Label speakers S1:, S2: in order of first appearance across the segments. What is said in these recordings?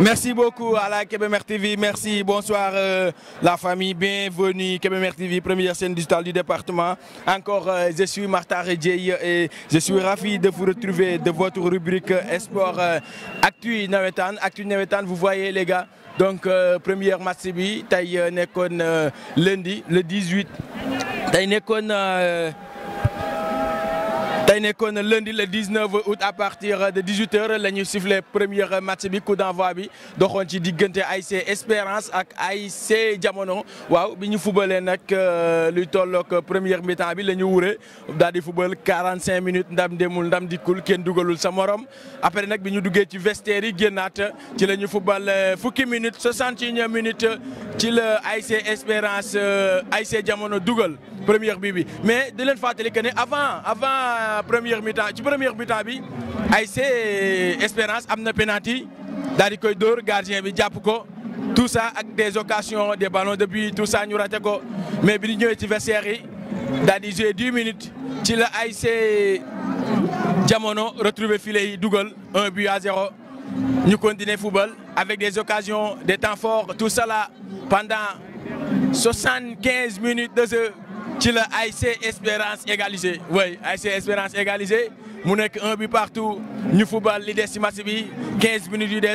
S1: Merci beaucoup à la KBMR TV, merci, bonsoir euh, la famille, bienvenue KBMR TV, première scène digitale du département. Encore, euh, je suis Martha Redjei et je suis ravi de vous retrouver de votre rubrique Esport euh, Actu Navetan. Actu Navetan, vous voyez les gars, donc première match bi, Nekon lundi, le 18 tey lundi le 19 août à partir de 18h la ñu le premier match bi coup d'envoi Donc on ci Gunter Aïssé, Espérance ak ASC Jamono waaw bi ñu fubalee nag euh, le premier première mi-temps bi la ñu wure di fubal 45 minutes ndam demul ndam dikkul kenn dugalul sa morom après nag bi du ci vestiaire yi génnaat ci football, ñu euh, minutes 61 minutes ci le ASC Espérance euh, Aïssé, Jamono dugal première bibi. mais de leen côté, avant avant première mi-temps ci première mi-temps Espérance a une penalty daal di gardien bi tout ça avec des occasions des ballons depuis tout ça nous ratez. mais bi est ñëwee série. vestiaire yi 10 minutes ci la ici, jamono retrouver filet Google, Un 1 but à 0 ñu continuer football avec des occasions des temps forts tout ça pendant 75 minutes de jeu ci la IC Espérance égalisé oui IC Espérance égalisé Nous un but partout nous football li décimations, 15 minutes du des.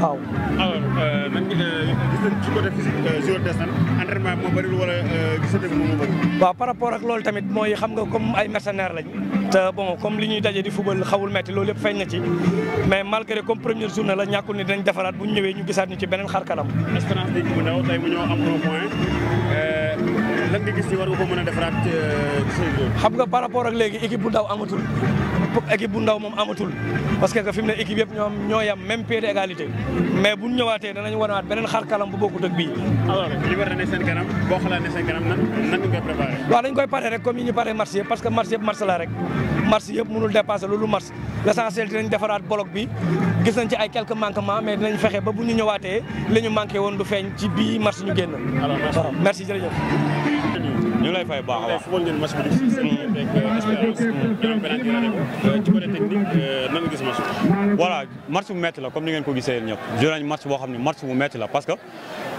S2: waaw.
S3: alors euh, man gis
S2: nañ ci côté physique euh, joueur des nan entraînement moo bëri wala euh, gisante bi moo bëri. waaw par rapport ak loolu tamit mooy xam nga comme ay mercenaires lañ. te bon comme li ñuy daje di football xawul metti loolu yëpp feeñ na ci mais malgré comme première journée la ñàkkul ni dañ defaraat bu ñu ñëwee ñu gisaat ñu ci beneen xar kanam. espérance mu ñëw am un point. lan nga gis ni war nga ko a defaraat euh, xam nga par rapport amatul bu ndaw moom amatul parce que fi mu ne équipe ñoo yam même pied d'égalité mais bu ñu ñëwaatee danañu wanaat beneen xar kalam bu bokkut ak boo xalaatee seen kanam nan nan nga koy préparé. waaw dañ koy pare rek que match yëpp match la rek match yëpp mënul dépasser loolu match defaraat bloc bi gis nañ ci ay quelques manquements mais dinañ fexe ba bu ñu ñëwaatee li ñu woon du feeñ ci bii match ñu génn. merci jërëjëf. ñu lay fay baax a baax.
S4: football ngeen match bi di seen rek espérance ñu am penalty euh, la technique euh, nan nga gis match bi. voilà match bu métti la comme ni ngeen ko gisee ñëpp jël nañ match boo xam ne match bu métti la parce que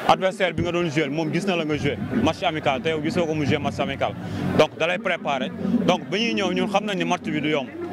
S4: adversaire bi nga doon joué moom gis na la nga joué match amical te yow gisoo ko mu joué match amical donc da lay préparé donc ba ñuy ñëw ñun xam nañ ne match bi du yomb.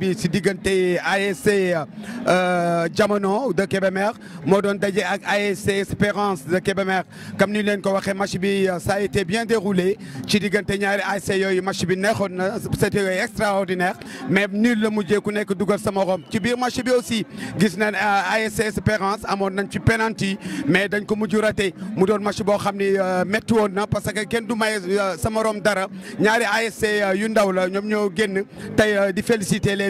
S5: bi si diggante ASC euh, Jamono de Kebemer. Modon don daje ak ASC Espérance de Kebemer. comme ni leen ko waxé match bi euh, ça a été bien déroulé ci diganté ñaari ASC yooyu match bi c'était extraordinaire mais nul le mujjé ku nek duggal sama rom ci biir match bi aussi gis nañ euh, ASC Espérance amone nañ ci penalty mais dañ ko mujj raté mu don match bo xamni ni won na parce que ken du maye sama rom dara ñaari ASC yu ndaw la ñom ñoo génn tay di féliciter les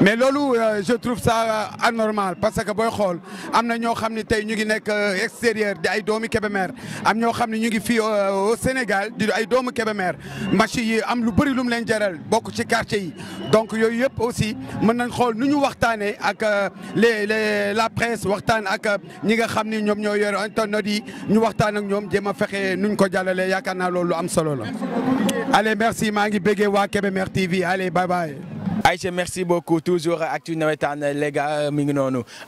S5: mais loolu euh, je trouve ça euh, anormal parce que boy xol amna ño xamni tay ñu ngi nek euh, extérieur di ay doomi Kébémer am ño xamni ñu ngi fi au Sénégal di ay doomu Kébémer machi yi am lu bari lu mën leen jaral bok ci quartier yi donc yooyu yëpp aussi mën nañ xol nu ñu waxtaanee ak les la presse waxtaan ak ñi nga xamni ñom ñoom ñoo yore internet yi ñu waxtaan ak ñom jema fexé nuñ ko jallalé yakarna lolu am solo la allez merci ma ngi béggee wa Kébémer TV allez bye
S1: bye Aïcha merci beaucoup toujours actuellement, les gars mi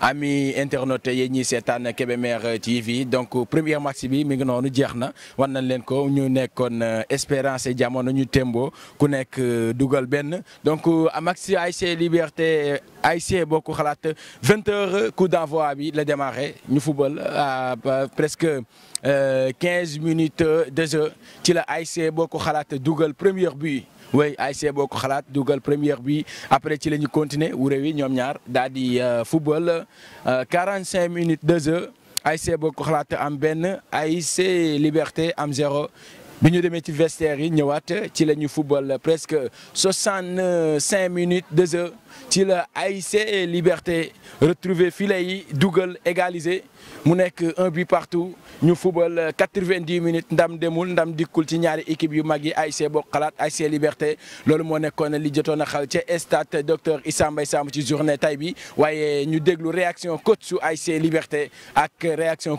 S1: ami internautes yéen ñii seetaan Kébémer TV donc premier match bi mi ngi noonu jeex na war nañ leen ko ñu nekkoon euh, Espérance jamono ñu tembo ku nekk à euh, Maxi donc euh, Aïcha Liberté est beaucoup Khalat, 20h coup d'envoi bi la démarré nous football à euh, bah, presque 15 euh, minutes 2 euh, heures. ci la beaucoup beaucoup Dougal, premier but. oui IC Boko Khalat, Dougal, premier but. après nous la ñu continuer wure wi ñoom ñaar football 45 minutes de heures. Ici Boko Khalat am benn Liberté am 0 nous ñu ci vestiaire football presque 65 minutes de heures, ci la Liberté retrouver filet yi égalisé mu un but partout ñu football 90 minutes ndam demul ndam ci ñaari équipe yu Liberté li xal docteur Issa ci journée réaction coach Liberté ak réaction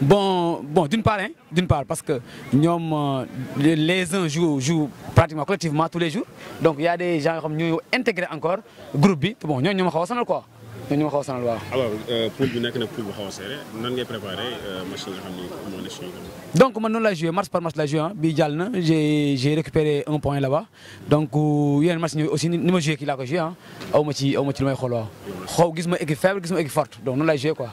S6: Bon, d'une part, hein, d'une part, parce que nous, euh, les uns jouent, pratiquement collectivement tous les jours. Donc il y a des gens qui nous intégrés encore, groupe, bon, nous, nous, nous, quoi. de nous xaw alors
S3: euh, pour le nous na préparé euh, match machine.
S6: donc nous l'ai joué match par match joué hein. j'ai récupéré un point là-bas donc il match aussi nous joué joué match, au ci ci faible gis donc joué quoi.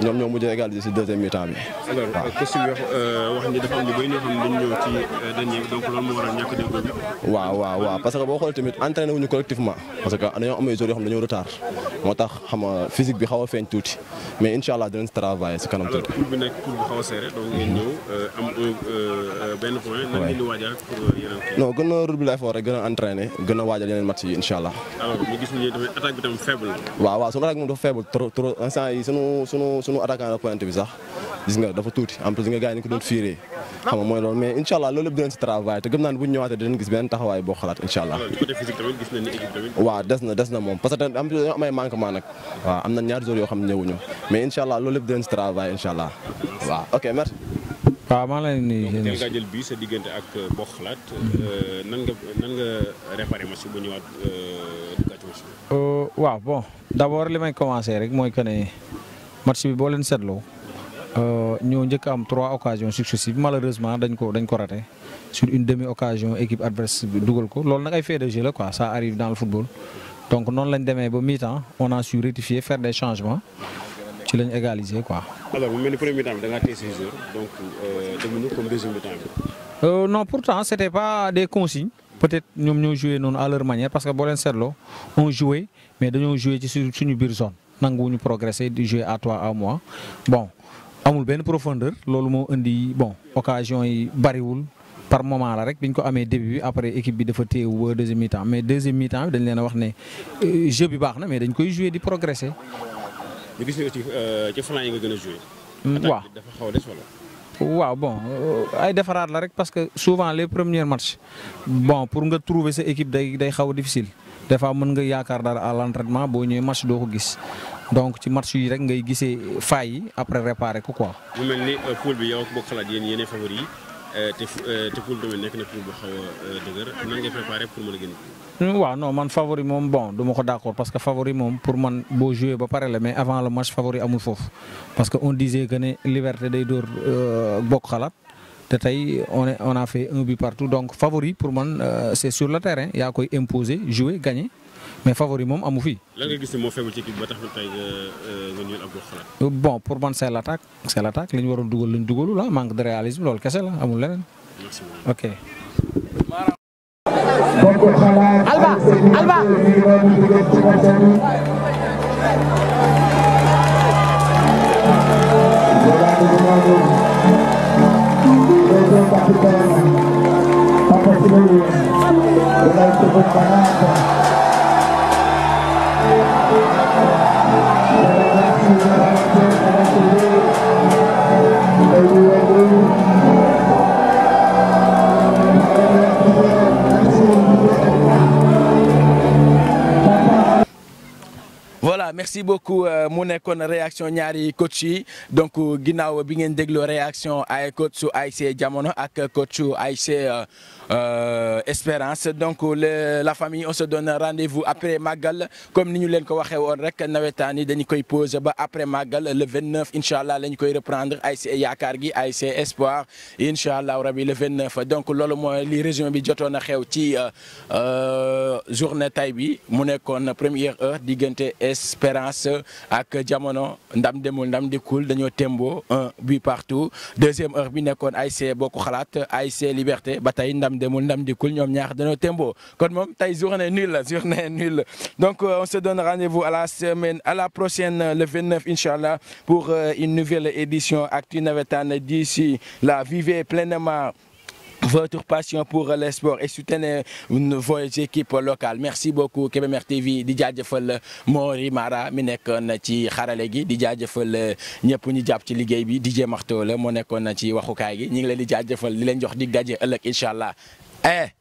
S7: ñoom ñoo mujj a égaliser si deuxième mi-temps bi. ñu
S3: euh, xam ne ci euh, dernier donc loolu moo waral ñàkk déggoo bi.
S7: waaw waaw waaw parce que boo xoolee tamit entraîné wuñu collectivement parce que dañoo am ay jours yoo xam ne dañoo retard moo tax xam physique bi xaw a feeñ tuuti mais incha allah dinañ si kanam tuuti.
S3: alors a serré donc ngeen ñëw euh, am benn point. waaw gën a
S7: redoubler effort rek gën a entraîné gën a waajal yeneen match yi incha allah.
S3: alors ñu tamit attaque bi tamit faible.
S7: waaw sunu attaque sunu attaquant de pointe bi sax gis nga dafa tuuti en plus nga gars yi ni ko doon fiiree xam nga mooy loolu mais incha allah loolu yëpp dinañ si travail te gëm bu ñu des na moom parce que tamit am na am ay am na ñaari jours yoo xam ne ñëwuñu mais incha loolu yëpp dinañ si travail incha allah waaw ok merci. waaw maa lay nuyu. donc teel ngaa
S3: jël bii sa diggante ak euh, boo xalaat euh, nan nga nan nga réparé bu ñëwaat éducation.
S8: Euh, waaw bon d' rek mooy que match bi boo leen seetloo euh, am trois occasions successives malheureusement dañ ko dañ ko raté sur une demi occasion équipe adverse bi duggal ko loolu nak ay de jeu quoi ça arrive dans le football. donc non, lañ démé bo mi-temps on a su rectifier faire des changements ci lañ égaliser quoi.
S3: alors vous mel le premier mi-temps da nga heures. donc euh, comme deuxième mi-temps
S8: euh, non pourtant ce n'était pas des consignes. peut-être nous avons joué à leur manière parce que boo leen seetloo on jouait mais avons joué sur une biir zone nanguwuñu progresser du jouer à toi à moi bon amul ben profondeur lolou mo indi bon occasion yi bariwul par moment la rek biñ ko amé début après équipe bi dafa téewu deuxième mi-temps mais deuxième mi-temps bi dañ leena wax ne euh, jeu bi baax na mais dañ koy jouer di progresser.
S3: ñu gis ne euh, ci flanc yi nga gëna jouer. Mm, waaw dafa xaw a
S8: wala. bon euh, ay la rek parce que souvent les premiers matchs bon pour nga trouver cette équipe day xaw difficile. des fois mën nga yaakaar dara à l'entraînement boo ñëwee match doo ko gis donc ci match yi rek ngay gisee failles yi après réparer ko quoi.
S3: mu mel ni euh, poule bi yow ak boo xalaat yéen yéenay favori yi euh, te euh, te poule bi nekk na poule bu xaw dëgër nan ngay préparer pour mën a génn.
S8: Mm, waaw non man favori moom bon du ma ko d'accord parce que favori moom pour man boo joué ba pare la mais avant le match favori amul foofu parce que on disait que ne Liberté day door bokk xalaa on a fait un but partout donc favori pour moi euh, c'est sur le terrain Il y a quoi imposer jouer gagner mais favori moi, à fi. Euh, euh, bon pour moi c'est l'attaque c'est l'attaque Les ñu de lañ ah, manque de réalisme loolu le la là, merci ok. Alba Alba. Alba. bem capitão. Tá conseguindo. Ele aí pegou de
S1: barata. merci beaucoup euh, mu nekkoon réaction ñaari coach yi donc euh, ginaaw bi ngeen déglu réaction ay coach su ASC Jamono ak coach su euh, euh, Espérance donc la famille on se donne rendez-vous après Magal comme niñu len dit, ko waxé won rek dañ koy poser ba après Magal le 29 inch'allah lañ koy reprendre IC Yakar gi Espoir Inch'Allah le 29 donc lolu moy li région bi jotona a xew ci journée tay bi mu nekkoon première heure diggante Espérance. Lens ak jamono ndam demul ndam de nos tembo un but partout deuxième heure bi Boko ASC Aïsé aïsé Liberté bataille dame de demul ndam nous ñoom ñaar de tembo kon ta journée nulle journée nulle donc euh, on se donne rendez-vous à la semaine à la prochaine le 29 inchallah pour euh, une nouvelle édition Actu Navétane d'ici la vivez pleinement votre passion pour le sport et soutenez votre équipe locale merci beaucoup Kébémer TV di jaajëfal Mori Mara mi nekkoon ci xarale gi di DJ Marteau la moo nekkoon ci waxukaay gi ñu ngi